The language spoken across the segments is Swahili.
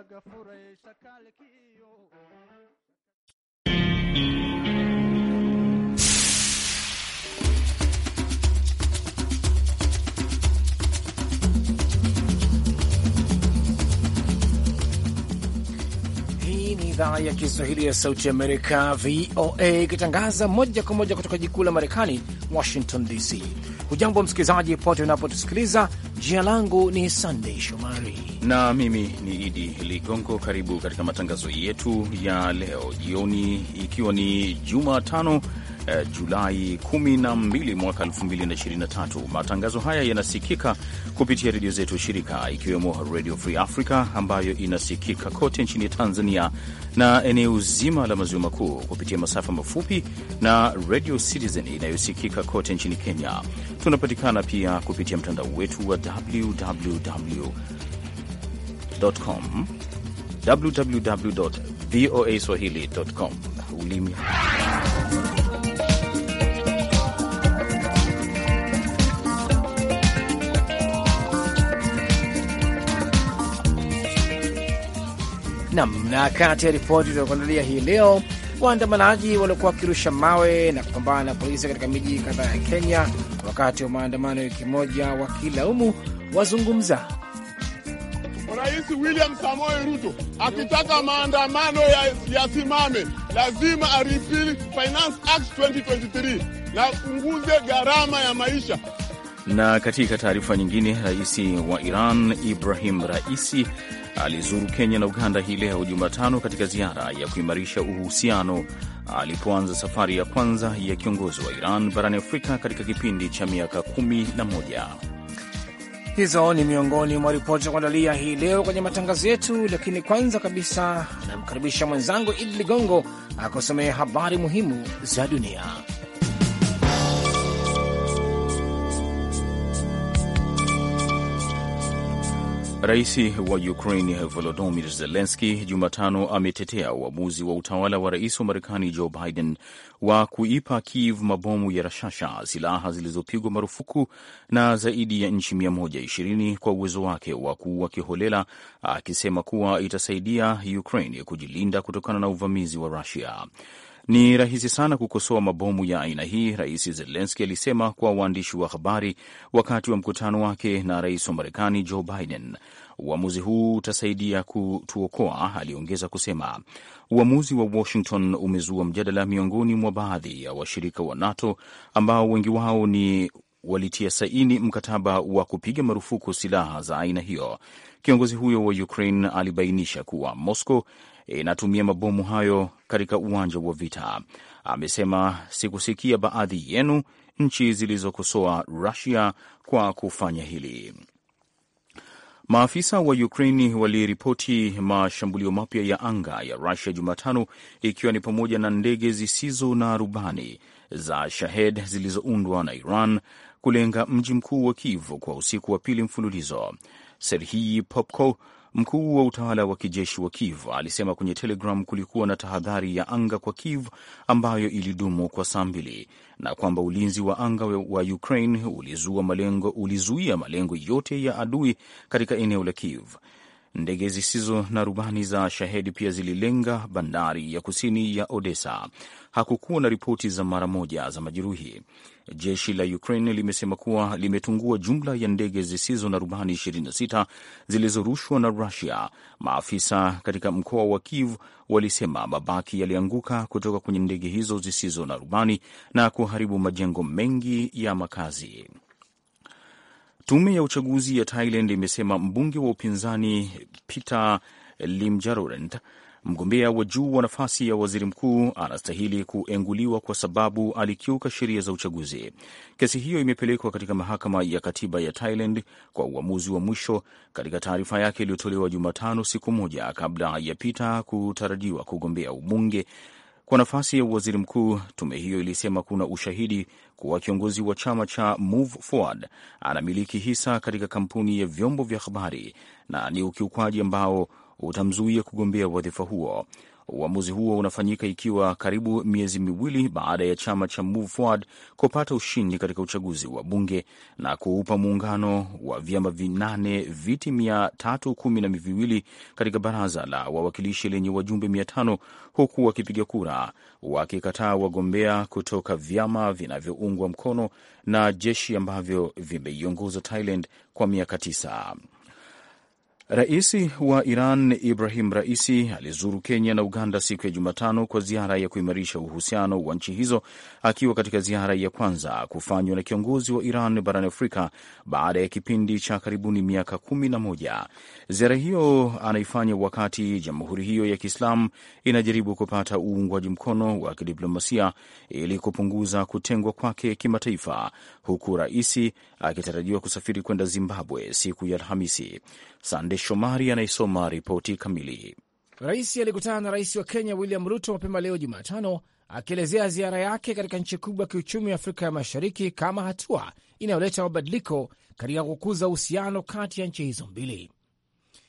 laga furay shakaalkiiyo idhaa ya Kiswahili ya Sauti Amerika, VOA, ikitangaza moja kwa moja kutoka jikuu la Marekani, Washington DC. Hujambo msikilizaji pote unapotusikiliza. Jina langu ni Sandei Shomari na mimi ni Idi Ligongo. Karibu katika matangazo yetu ya leo jioni, ikiwa ni Jumatano eh, Julai 12 mwaka 2023. Matangazo haya yanasikika kupitia redio zetu shirika, ikiwemo Radio Free Africa ambayo inasikika kote nchini Tanzania na eneo zima la maziwa makuu kupitia masafa mafupi na Radio Citizen inayosikika kote nchini Kenya. Tunapatikana pia kupitia mtandao wetu wa www www.voaswahili.com. Ulimi Nam na kati ya ripoti tunakuandalia hii leo, waandamanaji waliokuwa wakirusha mawe na kupambana na polisi katika miji kadhaa ya Kenya wakati wa maandamano ya wiki moja wakilaumu wazungumza. Rais William Samoei Ruto akitaka maandamano yasimame, lazima arifili Finance Act 2023 na punguze gharama ya maisha. Na katika taarifa nyingine, rais wa Iran Ibrahim Raisi alizuru Kenya na Uganda hii leo Jumatano katika ziara ya kuimarisha uhusiano alipoanza safari ya kwanza ya kiongozi wa Iran barani Afrika katika kipindi cha miaka kumi na moja. Hizo ni miongoni mwa ripoti za kuandalia hii leo kwenye matangazo yetu, lakini kwanza kabisa anamkaribisha mwenzangu Idi Ligongo akusomea habari muhimu za dunia. Rais wa ukrain Volodymyr zelenski Jumatano ametetea uamuzi wa utawala wa rais wa Marekani Joe Biden wa kuipa Kiev mabomu ya rashasha, silaha zilizopigwa marufuku na zaidi ya nchi 120 kwa uwezo wake wa kuua kiholela, akisema kuwa itasaidia ukraini kujilinda kutokana na uvamizi wa Rusia. Ni rahisi sana kukosoa mabomu ya aina hii, Rais Zelenski alisema kwa waandishi wa habari wakati wa mkutano wake na rais wa Marekani Joe Biden. Uamuzi huu utasaidia kutuokoa, aliongeza kusema. Uamuzi wa Washington umezua mjadala miongoni mwa baadhi ya washirika wa NATO ambao wengi wao ni walitia saini mkataba wa kupiga marufuku silaha za aina hiyo. Kiongozi huyo wa Ukraine alibainisha kuwa Moscow inatumia mabomu hayo katika uwanja wa vita. Amesema, sikusikia baadhi yenu nchi zilizokosoa Rusia kwa kufanya hili. Maafisa wa Ukraini waliripoti mashambulio mapya ya anga ya Rusia Jumatano, ikiwa ni pamoja na ndege zisizo na rubani za Shahed zilizoundwa na Iran kulenga mji mkuu wa Kiev kwa usiku wa pili mfululizo. Serhii Popko Mkuu wa utawala wa kijeshi wa Kiev alisema kwenye Telegram kulikuwa na tahadhari ya anga kwa Kiev ambayo ilidumu kwa saa mbili na kwamba ulinzi wa anga wa Ukraine ulizua malengo, ulizuia malengo yote ya adui katika eneo la Kiev. Ndege zisizo na rubani za Shahedi pia zililenga bandari ya kusini ya Odessa. Hakukuwa na ripoti za mara moja za majeruhi. Jeshi la Ukraine limesema kuwa limetungua jumla ya ndege zisizo na rubani 26 zilizorushwa na Rusia. Maafisa katika mkoa wa Kiev walisema mabaki yalianguka kutoka kwenye ndege hizo zisizo na rubani na kuharibu majengo mengi ya makazi. Tume ya uchaguzi ya Thailand imesema mbunge wa upinzani Peter Limjarorent, mgombea wa juu wa nafasi ya waziri mkuu, anastahili kuenguliwa kwa sababu alikiuka sheria za uchaguzi. Kesi hiyo imepelekwa katika mahakama ya katiba ya Thailand kwa uamuzi wa mwisho, katika taarifa yake iliyotolewa Jumatano, siku moja kabla ya Peter kutarajiwa kugombea ubunge kwa nafasi ya waziri mkuu, tume hiyo ilisema kuna ushahidi kuwa kiongozi wa chama cha Move Forward anamiliki hisa katika kampuni ya vyombo vya habari na ni ukiukwaji ambao utamzuia kugombea wadhifa huo. Uamuzi huo unafanyika ikiwa karibu miezi miwili baada ya chama cha Move Forward kupata ushindi katika uchaguzi wa bunge na kuupa muungano wa vyama vinane viti mia tatu kumi na viwili katika baraza la wawakilishi lenye wajumbe mia tano huku wakipiga kura wakikataa wagombea kutoka vyama vinavyoungwa mkono na jeshi ambavyo vimeiongoza Thailand kwa miaka tisa. Rais wa Iran Ibrahim Raisi alizuru Kenya na Uganda siku ya Jumatano kwa ziara ya kuimarisha uhusiano wa nchi hizo, akiwa katika ziara ya kwanza kufanywa na kiongozi wa Iran barani Afrika baada ya kipindi cha karibuni miaka kumi na moja. Ziara hiyo anaifanya wakati jamhuri hiyo ya Kiislamu inajaribu kupata uungwaji mkono wa kidiplomasia ili kupunguza kutengwa kwake kimataifa, huku Raisi akitarajiwa kusafiri kwenda Zimbabwe siku ya Alhamisi. Sande Shomari anayesoma ripoti kamili. Rais alikutana na rais wa Kenya William Ruto mapema leo Jumatano, akielezea ziara yake katika nchi kubwa ya kiuchumi ya Afrika ya Mashariki kama hatua inayoleta mabadiliko katika kukuza uhusiano kati ya nchi hizo mbili.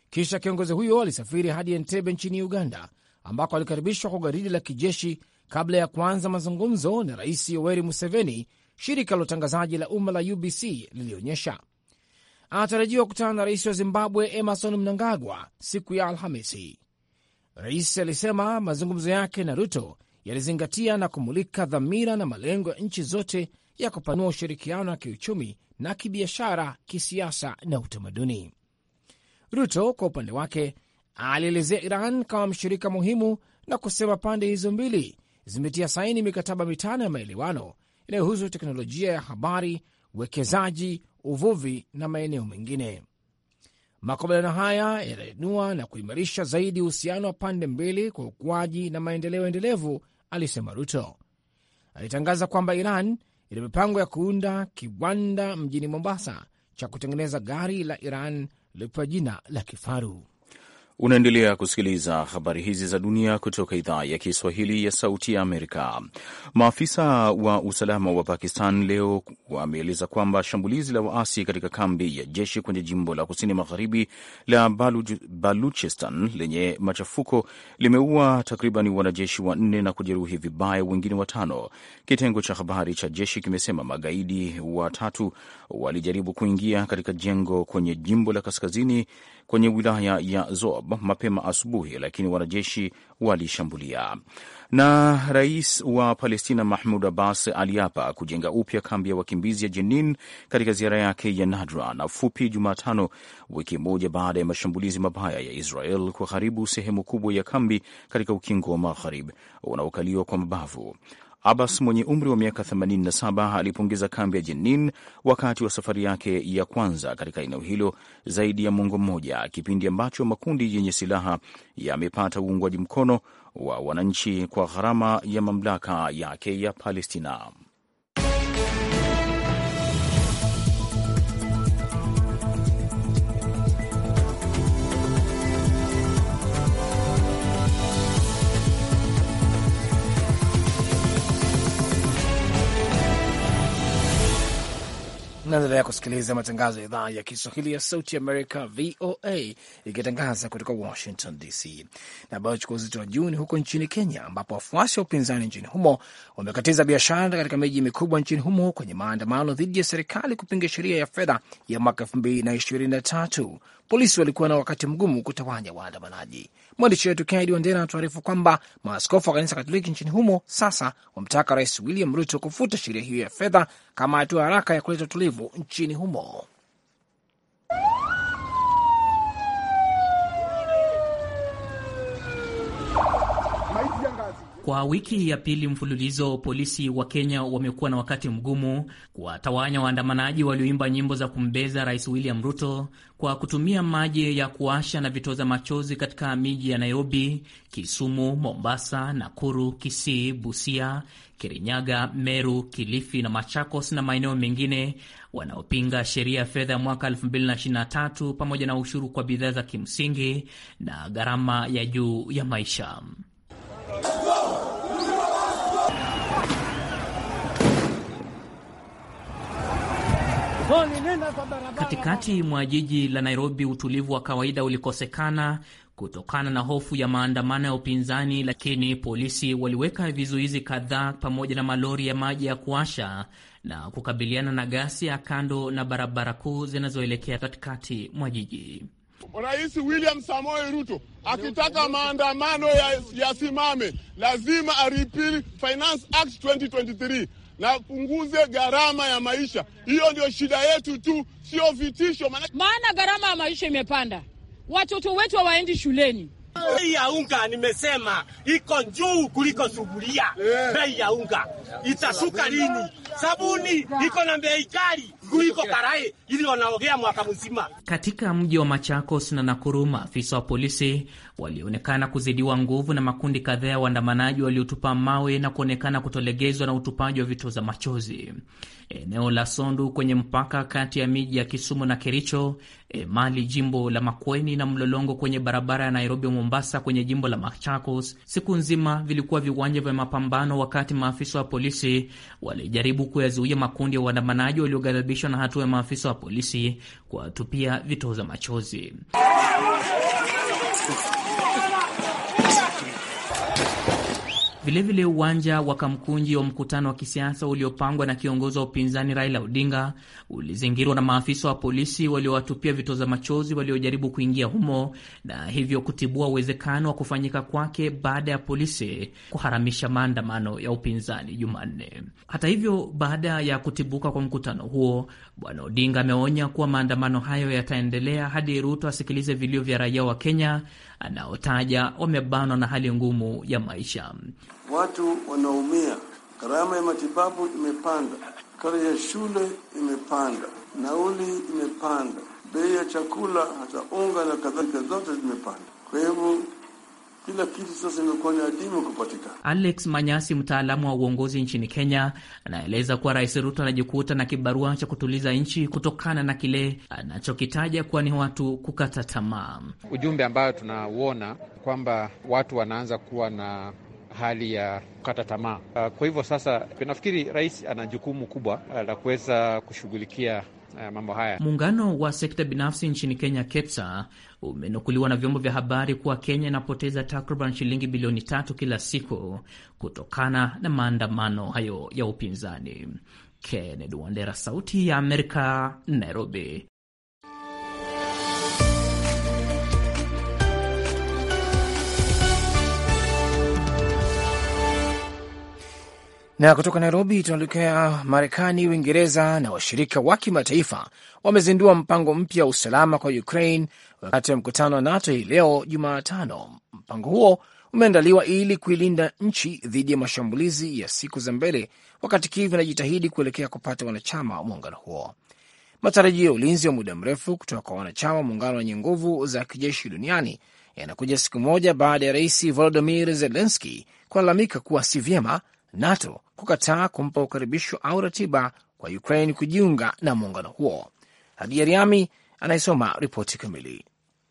Kisha kiongozi huyo alisafiri hadi Entebe nchini Uganda, ambako alikaribishwa kwa garidi la kijeshi kabla ya kuanza mazungumzo na Rais Yoweri Museveni, shirika la utangazaji la umma la UBC lilionyesha anatarajiwa kukutana na rais wa Zimbabwe Emerson Mnangagwa siku ya Alhamisi. Rais alisema mazungumzo yake na Ruto yalizingatia na kumulika dhamira na malengo ya nchi zote ya kupanua ushirikiano wa kiuchumi na kibiashara, kisiasa na utamaduni. Ruto kwa upande wake alielezea Iran kama mshirika muhimu na kusema pande hizo mbili zimetia saini mikataba mitano ya maelewano inayohusu teknolojia ya habari, uwekezaji, uvuvi na maeneo mengine. Makubaliano haya yanainua na kuimarisha zaidi uhusiano wa pande mbili kwa ukuaji na maendeleo endelevu, alisema Ruto. Alitangaza kwamba Iran ina mipango ya kuunda kiwanda mjini Mombasa cha kutengeneza gari la Iran lilopewa jina la kifaru. Unaendelea kusikiliza habari hizi za dunia kutoka idhaa ya Kiswahili ya Sauti ya Amerika. Maafisa wa usalama wa Pakistan leo wameeleza kwamba shambulizi la waasi katika kambi ya jeshi kwenye jimbo la kusini magharibi la Baluchistan lenye machafuko limeua takriban wanajeshi wanne na kujeruhi vibaya wengine watano. Kitengo cha habari cha jeshi kimesema magaidi watatu walijaribu kuingia katika jengo kwenye jimbo la kaskazini kwenye wilaya ya Zob mapema asubuhi, lakini wanajeshi walishambulia. Na rais wa Palestina Mahmud Abbas aliapa kujenga upya kambi ya wakimbizi ya Jenin katika ziara yake ya nadra na fupi Jumatano, wiki moja baada ya mashambulizi mabaya ya Israel kuharibu sehemu kubwa ya kambi katika ukingo wa Magharibi unaokaliwa kwa mabavu. Abbas mwenye umri wa miaka 87 alipongeza kambi ya Jenin wakati wa safari yake ya kwanza katika eneo hilo zaidi ya mwongo mmoja, kipindi ambacho makundi yenye silaha yamepata uungwaji mkono wa wananchi kwa gharama ya mamlaka yake ya Palestina. Naendelea kusikiliza matangazo ya idhaa ya Kiswahili ya Sauti Amerika, VOA, ikitangaza kutoka Washington DC. Na bayo chukua uzito wa juu ni huko nchini Kenya, ambapo wafuasi wa upinzani nchini humo wamekatiza biashara katika miji mikubwa nchini humo kwenye maandamano dhidi ya serikali kupinga sheria ya fedha ya mwaka elfu mbili na ishirini na tatu polisi walikuwa na wakati mgumu kutawanya waandamanaji. Mwandishi wetu Kennedy Wandera anatuarifu kwamba maaskofu wa kanisa Katoliki nchini humo sasa wamtaka Rais William Ruto kufuta sheria hiyo ya fedha kama hatua haraka ya kuleta utulivu nchini humo. Kwa wiki ya pili mfululizo, polisi wa Kenya wamekuwa na wakati mgumu kuwatawanya waandamanaji walioimba nyimbo za kumbeza Rais William Ruto kwa kutumia maji ya kuasha na vitoza machozi katika miji ya Nairobi, Kisumu, Mombasa, Nakuru, Kisii, Busia, Kirinyaga, Meru, Kilifi na Machakos na maeneo mengine wanaopinga sheria ya fedha ya mwaka 2023 pamoja na ushuru kwa bidhaa za kimsingi na gharama ya juu ya maisha. Katikati mwa jiji la Nairobi, utulivu wa kawaida ulikosekana kutokana na hofu ya maandamano ya upinzani, lakini polisi waliweka vizuizi kadhaa pamoja na malori ya maji ya kuasha na kukabiliana na ghasia kando na barabara kuu zinazoelekea katikati mwa jiji. Rais William Samoei Ruto akitaka maandamano yasimame ya lazima aripili Finance Act 2023 na punguze gharama ya maisha. Hiyo ndio shida yetu tu, sio vitisho, maana gharama ya maisha imepanda, watoto wetu hawaendi shuleni. Bei ya unga nimesema iko juu kuliko sufuria. Eh. Bei ya unga itashuka lini? Sabuni iko na bei kali karai, ili wanaogea mwaka mzima. Katika mji wa Machakos na Nakuru, maafisa wa polisi walionekana kuzidiwa nguvu na makundi kadhaa ya waandamanaji waliotupa mawe na kuonekana kutolegezwa na utupaji wa vitoza machozi eneo la Sondu kwenye mpaka kati ya miji ya Kisumu na Kericho, Emali jimbo la Makueni, na Mlolongo kwenye barabara ya Nairobi Mombasa kwenye jimbo la Machakos. Siku nzima vilikuwa viwanja vya mapambano, wakati maafisa wa polisi walijaribu kuyazuia makundi ya waandamanaji walioghadhabishwa na hatua ya maafisa wa polisi kuwatupia vitoza machozi Vilevile uwanja wa Kamkunji wa mkutano wa kisiasa uliopangwa na kiongozi wa upinzani Raila Odinga ulizingirwa na maafisa wa polisi waliowatupia vitoza machozi waliojaribu kuingia humo na hivyo kutibua uwezekano wa kufanyika kwake baada ya polisi kuharamisha maandamano ya upinzani Jumanne. Hata hivyo, baada ya kutibuka kwa mkutano huo, Bwana Odinga ameonya kuwa maandamano hayo yataendelea hadi Ruto asikilize vilio vya raia wa Kenya anaotaja wamebanwa na hali ngumu ya maisha. Watu wanaumia, gharama ya matibabu imepanda, karo ya shule imepanda, nauli imepanda, bei ya chakula, hata unga na kadhalika, zote zimepanda. Kwa hivyo kila kitu sasa imekuwa ni adimu kupatikana. Alex Manyasi, mtaalamu wa uongozi nchini Kenya, anaeleza kuwa Rais Ruto anajikuta na kibarua cha kutuliza nchi kutokana na kile anachokitaja kuwa ni watu kukata tamaa. Ujumbe ambayo tunauona kwamba watu wanaanza kuwa na hali ya kukata tamaa. Kwa hivyo sasa, nafikiri rais ana jukumu kubwa la kuweza kushughulikia mambo haya. Muungano wa sekta binafsi nchini Kenya, KEPSA, umenukuliwa na vyombo vya habari kuwa Kenya inapoteza takriban shilingi bilioni tatu kila siku kutokana na maandamano hayo ya upinzani. Kennedy Wandera, Sauti ya Amerika, Nairobi. Na kutoka Nairobi tunaelekea Marekani. Uingereza na washirika wa kimataifa wamezindua mpango mpya wa usalama kwa Ukraine wakati wa mkutano wa NATO hii leo Jumatano. Mpango huo umeandaliwa ili kuilinda nchi dhidi ya mashambulizi ya siku za mbele, wakati Kiev inajitahidi kuelekea kupata wanachama wa muungano huo. Matarajio ya ulinzi wa muda mrefu kutoka kwa wanachama wa muungano wenye nguvu za kijeshi duniani yanakuja siku moja baada ya rais Volodimir Zelenski kulalamika kuwa si vyema NATO kukataa kumpa ukaribisho au ratiba kwa Ukraine kujiunga na muungano huo. Hadia Riami anayesoma ripoti kamili.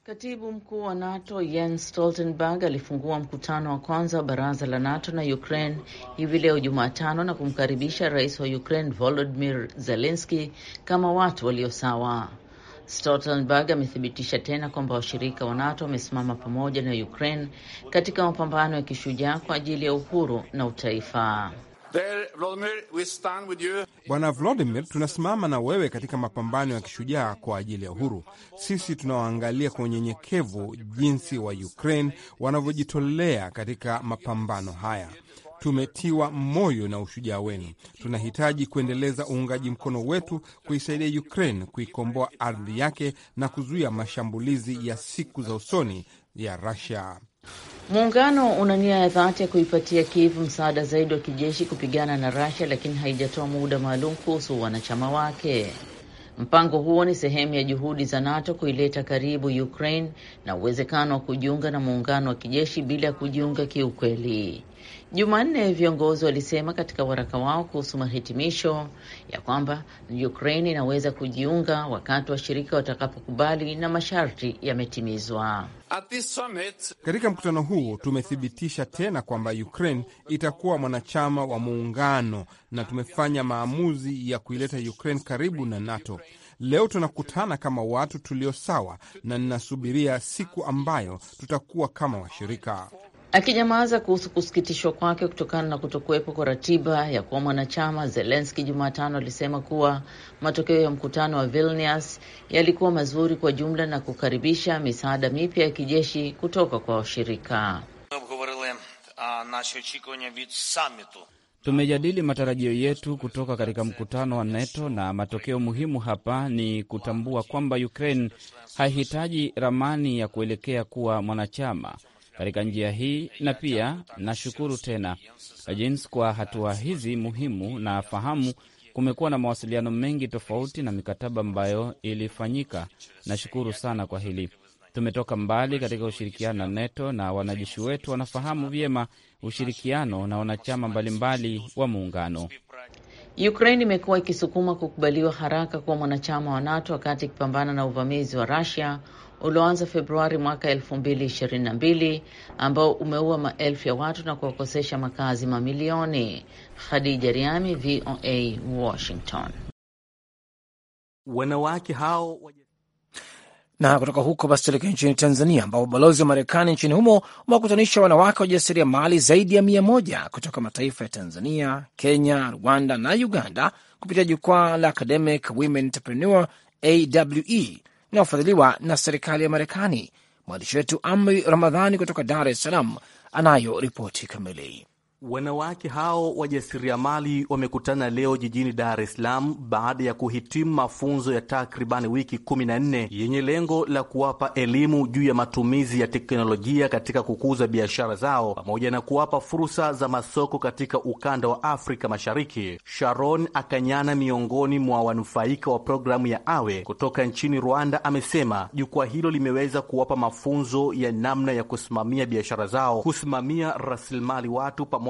Katibu mkuu wa NATO Jens Stoltenberg alifungua mkutano wa kwanza wa baraza la NATO na Ukraine hivi leo Jumatano na kumkaribisha rais wa Ukraine volodimir zelenski kama watu walio sawa. Stoltenberg amethibitisha tena kwamba washirika wa NATO wamesimama pamoja na Ukraine katika mapambano ya kishujaa kwa ajili ya uhuru na utaifa. Bwana Vladimir, tunasimama na wewe katika mapambano ya kishujaa kwa ajili ya uhuru. Sisi tunawaangalia kwa unyenyekevu jinsi wa Ukraine wanavyojitolea katika mapambano haya. Tumetiwa moyo na ushujaa wenu. Tunahitaji kuendeleza uungaji mkono wetu kuisaidia Ukraine kuikomboa ardhi yake na kuzuia mashambulizi ya siku za usoni ya Russia. Muungano una nia ya dhati ya kuipatia Kiev msaada zaidi wa kijeshi kupigana na Russia lakini haijatoa muda maalum kuhusu wanachama wake. Mpango huo ni sehemu ya juhudi za NATO kuileta karibu Ukraine na uwezekano wa kujiunga na muungano wa kijeshi bila ya kujiunga kiukweli. Jumanne viongozi walisema katika waraka wao kuhusu mahitimisho ya kwamba Ukraine inaweza kujiunga wakati washirika watakapokubali na masharti yametimizwa. katika mkutano huu tumethibitisha tena kwamba Ukraine itakuwa mwanachama wa muungano na tumefanya maamuzi ya kuileta Ukraine karibu na NATO. Leo tunakutana kama watu tulio sawa, na ninasubiria siku ambayo tutakuwa kama washirika. Akinyamaza kuhusu kusikitishwa kwake kutokana na kutokuwepo kwa ratiba ya kuwa mwanachama, Zelenski Jumatano alisema kuwa matokeo ya mkutano wa Vilnius yalikuwa mazuri kwa jumla na kukaribisha misaada mipya ya kijeshi kutoka kwa washirika. Uh, Tumejadili matarajio yetu kutoka katika mkutano wa NATO na matokeo muhimu hapa ni kutambua kwamba Ukraine haihitaji ramani ya kuelekea kuwa mwanachama katika njia hii, na pia nashukuru tena jinsi kwa hatua hizi muhimu. Na fahamu kumekuwa na mawasiliano mengi tofauti na mikataba ambayo ilifanyika. Nashukuru sana kwa hili. Tumetoka mbali katika ushirikiano na NATO na wanajeshi wetu wanafahamu vyema ushirikiano na wanachama mbalimbali wa muungano. Ukraine imekuwa ikisukuma kukubaliwa haraka kuwa mwanachama wa NATO wakati ikipambana na uvamizi wa Russia ulioanza Februari mwaka 2022 ambao umeua maelfu ya watu na kuwakosesha makazi mamilioni. Khadija Riami, VOA Washington. Wanawake hao na kutoka huko basi tuelekea nchini Tanzania, ambapo ubalozi wa Marekani nchini humo umewakutanisha wanawake wajasiria mali zaidi ya mia moja kutoka mataifa ya Tanzania, Kenya, Rwanda na Uganda kupitia jukwaa la Academic Women Entrepreneur AWE inayofadhiliwa na serikali ya Marekani. Mwandishi wetu Amri Ramadhani kutoka Dar es Salaam anayo ripoti kamili. Wanawake hao wajasiriamali wamekutana leo jijini Dar es Salaam baada ya kuhitimu mafunzo ya takribani wiki 14 yenye lengo la kuwapa elimu juu ya matumizi ya teknolojia katika kukuza biashara zao pamoja na kuwapa fursa za masoko katika ukanda wa Afrika Mashariki. Sharon Akanyana, miongoni mwa wanufaika wa programu ya Awe kutoka nchini Rwanda, amesema jukwaa hilo limeweza kuwapa mafunzo ya namna ya kusimamia biashara zao, kusimamia rasilimali watu pamoja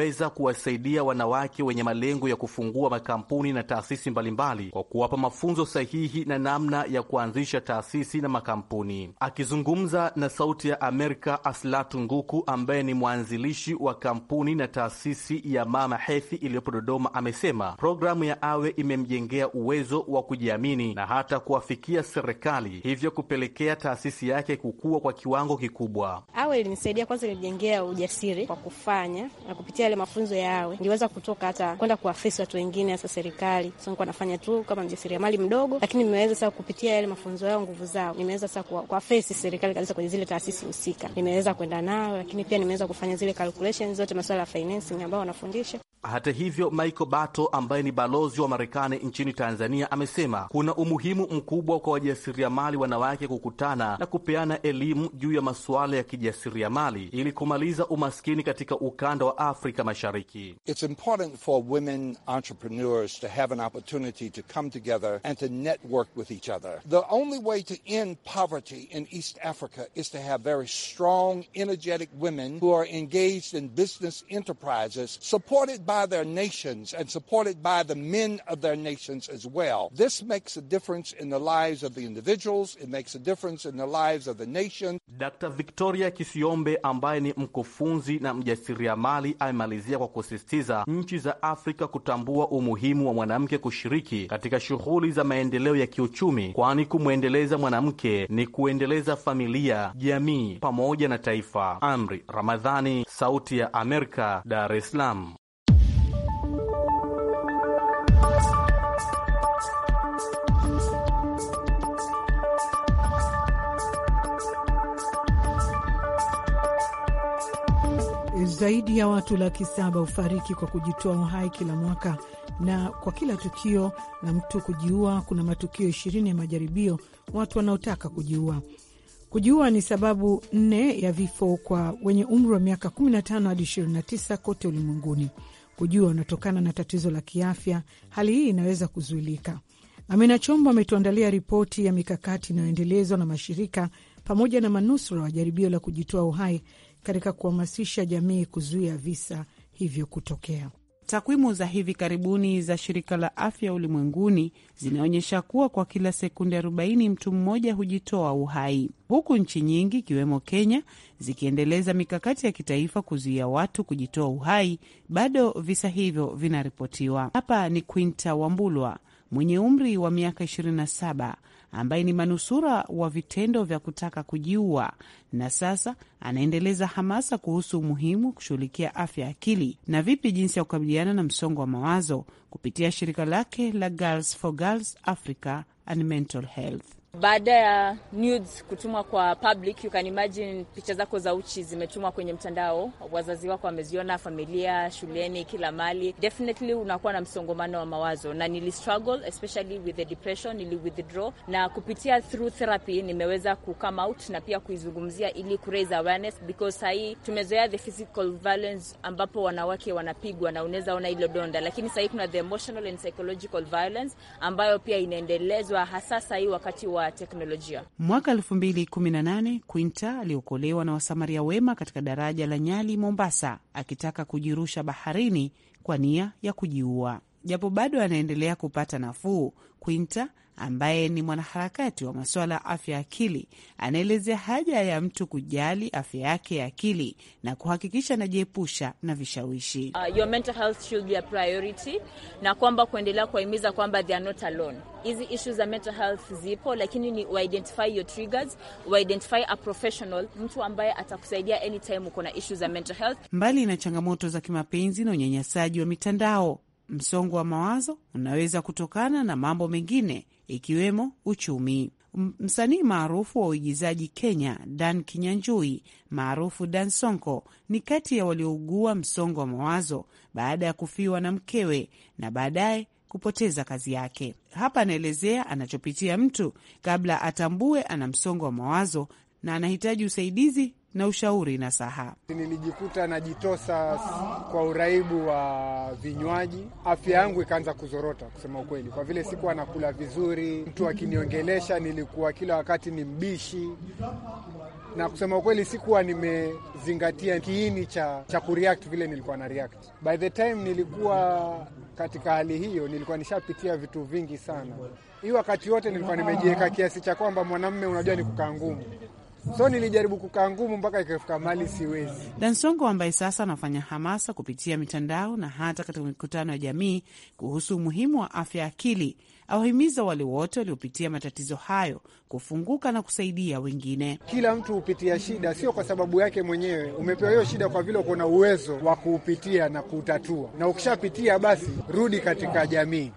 kuweza kuwasaidia wanawake wenye malengo ya kufungua makampuni na taasisi mbalimbali kwa kuwapa mafunzo sahihi na namna ya kuanzisha taasisi na makampuni. Akizungumza na Sauti ya Amerika, Aslatu Nguku ambaye ni mwanzilishi wa kampuni na taasisi ya Mama Hethi iliyopo Dodoma amesema programu ya Awe imemjengea uwezo wa kujiamini na hata kuwafikia serikali, hivyo kupelekea taasisi yake kukua kwa kiwango kikubwa. Awe ilinisaidia kwanza, ilijengea ujasiri wa kufanya na kupitia yale mafunzo yawe, niliweza kutoka hata kwenda kuafisi watu wengine, hasa serikali. So nikuwa nafanya tu kama mjasiriamali mdogo, lakini nimeweza sasa kupitia yale mafunzo yao, nguvu zao, nimeweza sasa kuafisi serikali kabisa kwenye zile taasisi husika, nimeweza kwenda nao, lakini pia nimeweza kufanya zile calculations zote, masuala ya financing ambayo wanafundisha. Hata hivyo, Michael Bato ambaye ni balozi wa Marekani nchini Tanzania amesema kuna umuhimu mkubwa kwa wajasiriamali wanawake kukutana na kupeana elimu juu ya masuala ya kijasiriamali ili kumaliza umaskini katika ukanda wa Afrika Mashariki. It's important for women entrepreneurs to have an opportunity to come together and to network with each other. The only way to end poverty in East Africa is to have very strong, energetic women who are engaged in business enterprises supported by their nations and supported by the men of their nations as well. This makes a difference in the lives of the individuals, it makes a difference in the lives of the nation. Dr. Victoria Kisiombe ambaye ni mkufunzi na mjasiriamali amemalizia kwa kusisitiza nchi za Afrika kutambua umuhimu wa mwanamke kushiriki katika shughuli za maendeleo ya kiuchumi, kwani kumwendeleza mwanamke ni kuendeleza familia, jamii pamoja na taifa. Amri Ramadhani, Sauti ya Amerika, Dar es Salaam. Zaidi ya watu laki saba hufariki kwa kujitoa uhai kila mwaka, na kwa kila tukio la mtu kujiua kuna matukio ishirini ya majaribio, watu wanaotaka kujiua. Kujiua ni sababu nne ya vifo kwa wenye umri wa miaka 15 hadi 29 kote ulimwenguni. Kujiua unatokana na tatizo la kiafya. Hali hii inaweza kuzuilika. Amina Chombo ametuandalia ripoti ya mikakati inayoendelezwa na mashirika pamoja na manusura wa jaribio la kujitoa uhai katika kuhamasisha jamii kuzuia visa hivyo kutokea. Takwimu za hivi karibuni za shirika la afya ulimwenguni zinaonyesha kuwa kwa kila sekunde 40 mtu mmoja hujitoa uhai, huku nchi nyingi ikiwemo Kenya zikiendeleza mikakati ya kitaifa kuzuia watu kujitoa uhai, bado visa hivyo vinaripotiwa. Hapa ni Quinta Wambulwa mwenye umri wa miaka 27 ambaye ni manusura wa vitendo vya kutaka kujiua na sasa anaendeleza hamasa kuhusu umuhimu kushughulikia afya ya akili na vipi jinsi ya kukabiliana na msongo wa mawazo kupitia shirika lake la Girls for Girls Africa and Mental Health. Baada ya nudes kutumwa kwa public, you can imagine picha zako za uchi zimetumwa kwenye mtandao, wazazi wako wameziona, familia, shuleni, kila mali, definitely unakuwa na msongomano wa mawazo, na nili struggle especially with the depression, nili withdraw, na kupitia through therapy nimeweza ku come out na pia kuizungumzia ili ku raise awareness, because sahii tumezoea the physical violence ambapo wanawake wanapigwa na unaweza ona ilo donda, lakini sahii kuna the emotional and psychological violence ambayo pia inaendelezwa hasa sahii wakati wa wa teknolojia. Mwaka 2018 Quinta aliokolewa na wasamaria wema katika daraja la Nyali, Mombasa, akitaka kujirusha baharini kwa nia ya kujiua. Japo bado anaendelea kupata nafuu, Quinta ambaye ni mwanaharakati wa masuala ya afya ya akili, anaelezea haja ya mtu kujali afya yake ya akili na kuhakikisha anajiepusha na vishawishi. Uh, your mental health should be a priority, na kwamba kuendelea kuwahimiza kwamba they are not alone. Hizi issues za mental health zipo, lakini ni uidentify your triggers, uidentify a professional, mtu ambaye atakusaidia anytime uko na issues za mental health. Mbali na changamoto za kimapenzi na unyanyasaji wa mitandao Msongo wa mawazo unaweza kutokana na mambo mengine ikiwemo uchumi. Msanii maarufu wa uigizaji Kenya, Dan Kinyanjui maarufu Dan Sonko, ni kati ya waliougua msongo wa mawazo baada ya kufiwa na mkewe na baadaye kupoteza kazi yake. Hapa anaelezea anachopitia mtu kabla atambue ana msongo wa mawazo na anahitaji usaidizi na ushauri na saha. Nilijikuta najitosa kwa uraibu wa vinywaji, afya yangu ikaanza kuzorota, kusema ukweli, kwa vile sikuwa nakula vizuri. Mtu akiniongelesha nilikuwa kila wakati ni mbishi, na kusema ukweli sikuwa nimezingatia kiini cha, cha kureact vile nilikuwa na react. By the time nilikuwa katika hali hiyo, nilikuwa nishapitia vitu vingi sana. Hii wakati wote nilikuwa nimejiweka kiasi cha kwamba mwanamme, unajua ni kukaa ngumu So nilijaribu kukaa ngumu mpaka ikafika mali siwezi. Dansongo ambaye sasa anafanya hamasa kupitia mitandao na hata katika mikutano ya jamii kuhusu umuhimu wa afya ya akili, awahimiza wale wote waliopitia matatizo hayo kufunguka na kusaidia wengine. Kila mtu hupitia shida, sio kwa sababu yake mwenyewe. Umepewa hiyo shida kwa vile uko na uwezo wa kuupitia na kuutatua, na ukishapitia basi rudi katika jamii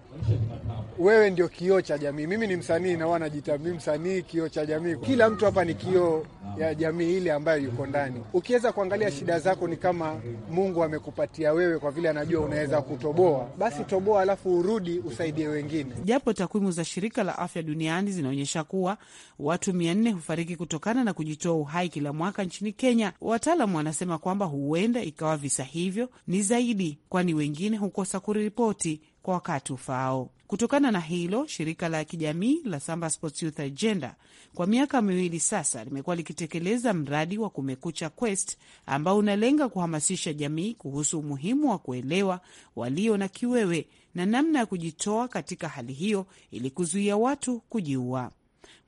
wewe ndio kioo cha jamii. Mimi ni msanii na mimi msanii kioo cha jamii. Kila mtu hapa ni kioo ya jamii ile ambayo yuko ndani. Ukiweza kuangalia shida zako, ni kama Mungu amekupatia wewe, kwa vile anajua unaweza kutoboa, basi toboa, alafu urudi usaidie wengine. Japo takwimu za shirika la afya duniani zinaonyesha kuwa watu mia nne hufariki kutokana na kujitoa uhai kila mwaka nchini Kenya, wataalamu wanasema kwamba huenda ikawa visa hivyo ni zaidi, kwani wengine hukosa kuripoti kwa wakati ufaao. Kutokana na hilo, shirika la kijamii la Samba Sports Youth Agenda kwa miaka miwili sasa limekuwa likitekeleza mradi wa Kumekucha Quest ambao unalenga kuhamasisha jamii kuhusu umuhimu wa kuelewa walio na kiwewe na namna ya kujitoa katika hali hiyo ili kuzuia watu kujiua.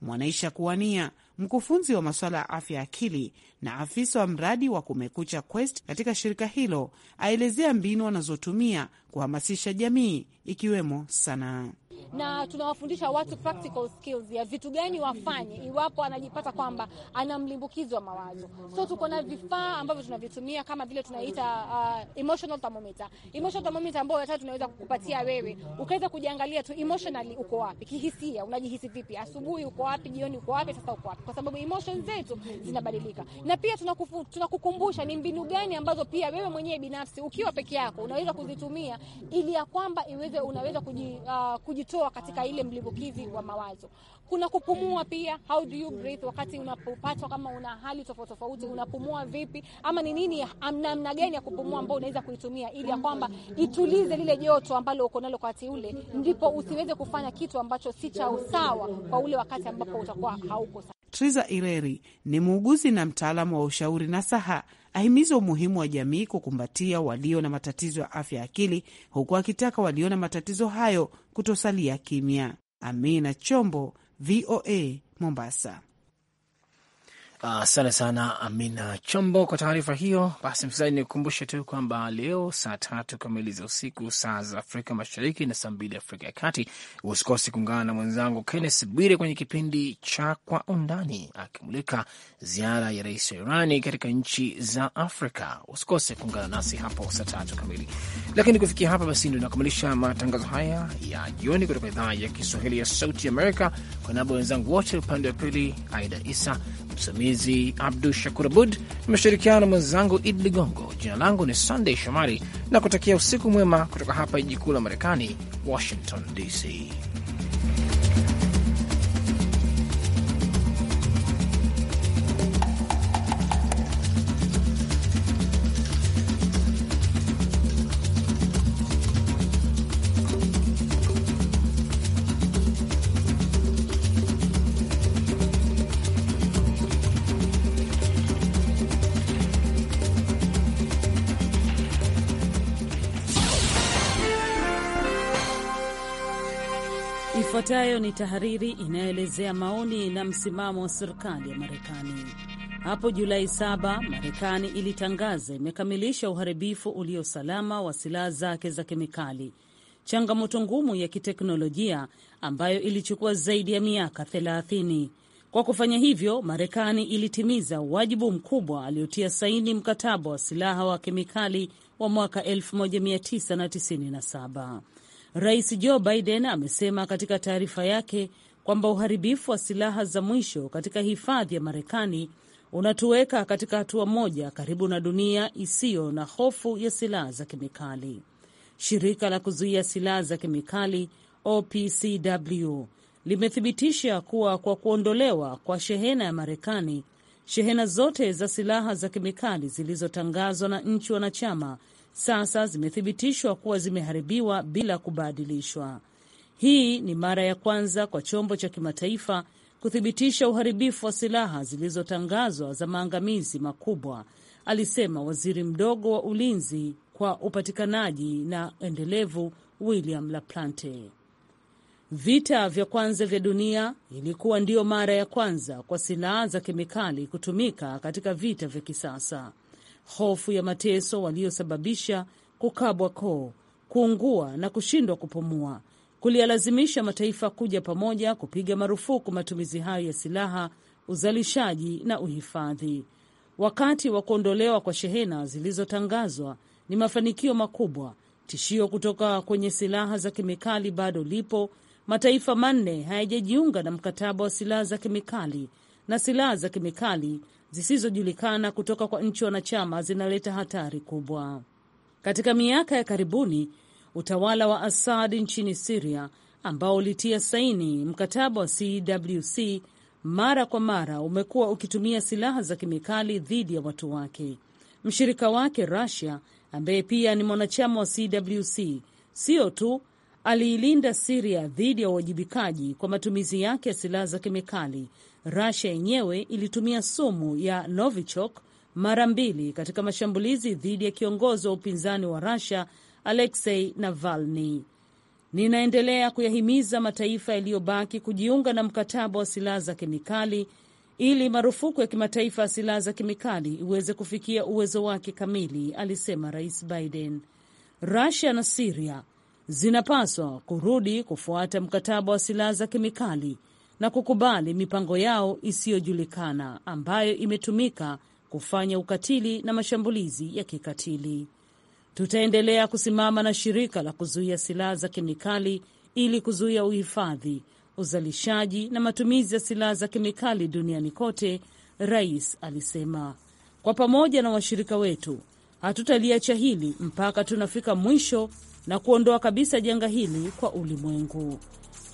Mwanaisha Kuwania, mkufunzi wa masuala ya afya ya akili na afisa wa mradi wa Kumekucha Quest katika shirika hilo, aelezea mbinu wanazotumia kuhamasisha jamii ikiwemo sanaa na tunawafundisha watu practical skills ya vitu gani wafanye iwapo anajipata kwamba ana mlimbukizi wa mawazo. So tuko na vifaa ambavyo tunavitumia kama vile tunaita uh, emotional thermometer. Emotional thermometer ambayo hata tunaweza kukupatia wewe ukaweza kujiangalia tu emotionally uko wapi, kihisia unajihisi vipi, asubuhi uko wapi, jioni uko wapi, sasa uko wapi, kwa sababu emotions zetu zinabadilika. Na pia tunakufu, tunakukumbusha ni mbinu gani ambazo pia wewe mwenyewe binafsi ukiwa peke yako unaweza kuzitumia ili ya kwamba iweze unaweza kuji, uh, kuji kujitoa katika ile mlimbukizi wa mawazo. Kuna kupumua pia, how do you breathe wakati unapopatwa kama una hali tofauti tofauti, unapumua vipi ama ni nini, namna gani ya kupumua ambao unaweza kuitumia ili ya kwamba itulize lile joto ambalo uko nalo kwa wakati ule, ndipo usiweze kufanya kitu ambacho si cha usawa kwa ule wakati ambapo utakuwa hauko sawa. Triza Ireri ni muuguzi na mtaalamu wa ushauri na saha ahimiza umuhimu wa jamii kukumbatia walio na matatizo ya afya ya akili, huku akitaka walio na matatizo hayo kutosalia kimya. Amina Chombo, VOA Mombasa. Asante uh, sana Amina Chombo kwa taarifa hiyo. Basi msikilizaji, nikukumbushe tu kwamba leo saa tatu kamili za usiku saa za Afrika Mashariki na saa mbili Afrika ya Kati, usikose kuungana na mwenzangu Kennes Bwire kwenye kipindi cha Kwa Undani akimulika ziara ya rais wa Irani katika nchi za Afrika. Usikose kuungana nasi hapo saa tatu kamili, lakini kufikia hapa basi ndo nakamilisha matangazo haya ya jioni kutoka idhaa ya Kiswahili ya Sauti Amerika. Kwa niaba wenzangu wote, upande wa pili Aida Isa msimamizi msimamizi Abdu Shakur Abud, nimeshirikiana na mwenzangu id Ligongo. Jina langu ni Sunday Shomari na kutakia usiku mwema kutoka hapa jiji kuu la Marekani, Washington DC. Ifuatayo ni tahariri inayoelezea maoni na msimamo wa serikali ya Marekani. Hapo Julai 7 Marekani ilitangaza imekamilisha uharibifu ulio salama wa silaha zake za kemikali, changamoto ngumu ya kiteknolojia ambayo ilichukua zaidi ya miaka 30. Kwa kufanya hivyo, Marekani ilitimiza wajibu mkubwa aliotia saini mkataba wa silaha wa kemikali wa mwaka 1997. Rais Joe Biden amesema katika taarifa yake kwamba uharibifu wa silaha za mwisho katika hifadhi ya Marekani unatuweka katika hatua moja karibu na dunia isiyo na hofu ya silaha za kemikali. Shirika la kuzuia silaha za kemikali OPCW limethibitisha kuwa kwa kuondolewa kwa shehena ya Marekani, shehena zote za silaha za kemikali zilizotangazwa na nchi wanachama sasa zimethibitishwa kuwa zimeharibiwa bila kubadilishwa. Hii ni mara ya kwanza kwa chombo cha kimataifa kuthibitisha uharibifu wa silaha zilizotangazwa za maangamizi makubwa, alisema waziri mdogo wa ulinzi kwa upatikanaji na endelevu William Laplante. Vita vya kwanza vya dunia ilikuwa ndiyo mara ya kwanza kwa silaha za kemikali kutumika katika vita vya kisasa hofu ya mateso waliyosababisha kukabwa koo, kuungua na kushindwa kupumua kulialazimisha mataifa kuja pamoja kupiga marufuku matumizi hayo ya silaha, uzalishaji na uhifadhi. Wakati wa kuondolewa kwa shehena zilizotangazwa ni mafanikio makubwa, tishio kutoka kwenye silaha za kemikali bado lipo. Mataifa manne hayajajiunga na mkataba wa silaha za kemikali, na silaha za kemikali zisizojulikana kutoka kwa nchi wanachama zinaleta hatari kubwa. Katika miaka ya karibuni, utawala wa Assad nchini Siria ambao ulitia saini mkataba wa CWC mara kwa mara umekuwa ukitumia silaha za kemikali dhidi ya watu wake. Mshirika wake Russia, ambaye pia ni mwanachama wa CWC, sio tu aliilinda Siria dhidi ya uwajibikaji kwa matumizi yake ya silaha za kemikali, rasia yenyewe ilitumia sumu ya Novichok mara mbili katika mashambulizi dhidi ya kiongozi wa upinzani wa rasia Aleksei Navalny. Ninaendelea kuyahimiza mataifa yaliyobaki kujiunga na mkataba wa silaha za kemikali ili marufuku ya kimataifa ya silaha za kemikali iweze kufikia uwezo wake kamili, alisema Rais Biden. rasia na Siria zinapaswa kurudi kufuata mkataba wa silaha za kemikali na kukubali mipango yao isiyojulikana ambayo imetumika kufanya ukatili na mashambulizi ya kikatili. Tutaendelea kusimama na shirika la kuzuia silaha za kemikali ili kuzuia uhifadhi, uzalishaji na matumizi ya silaha za kemikali duniani kote, rais alisema. Kwa pamoja na washirika wetu, hatutaliacha hili mpaka tunafika mwisho na kuondoa kabisa janga hili kwa ulimwengu.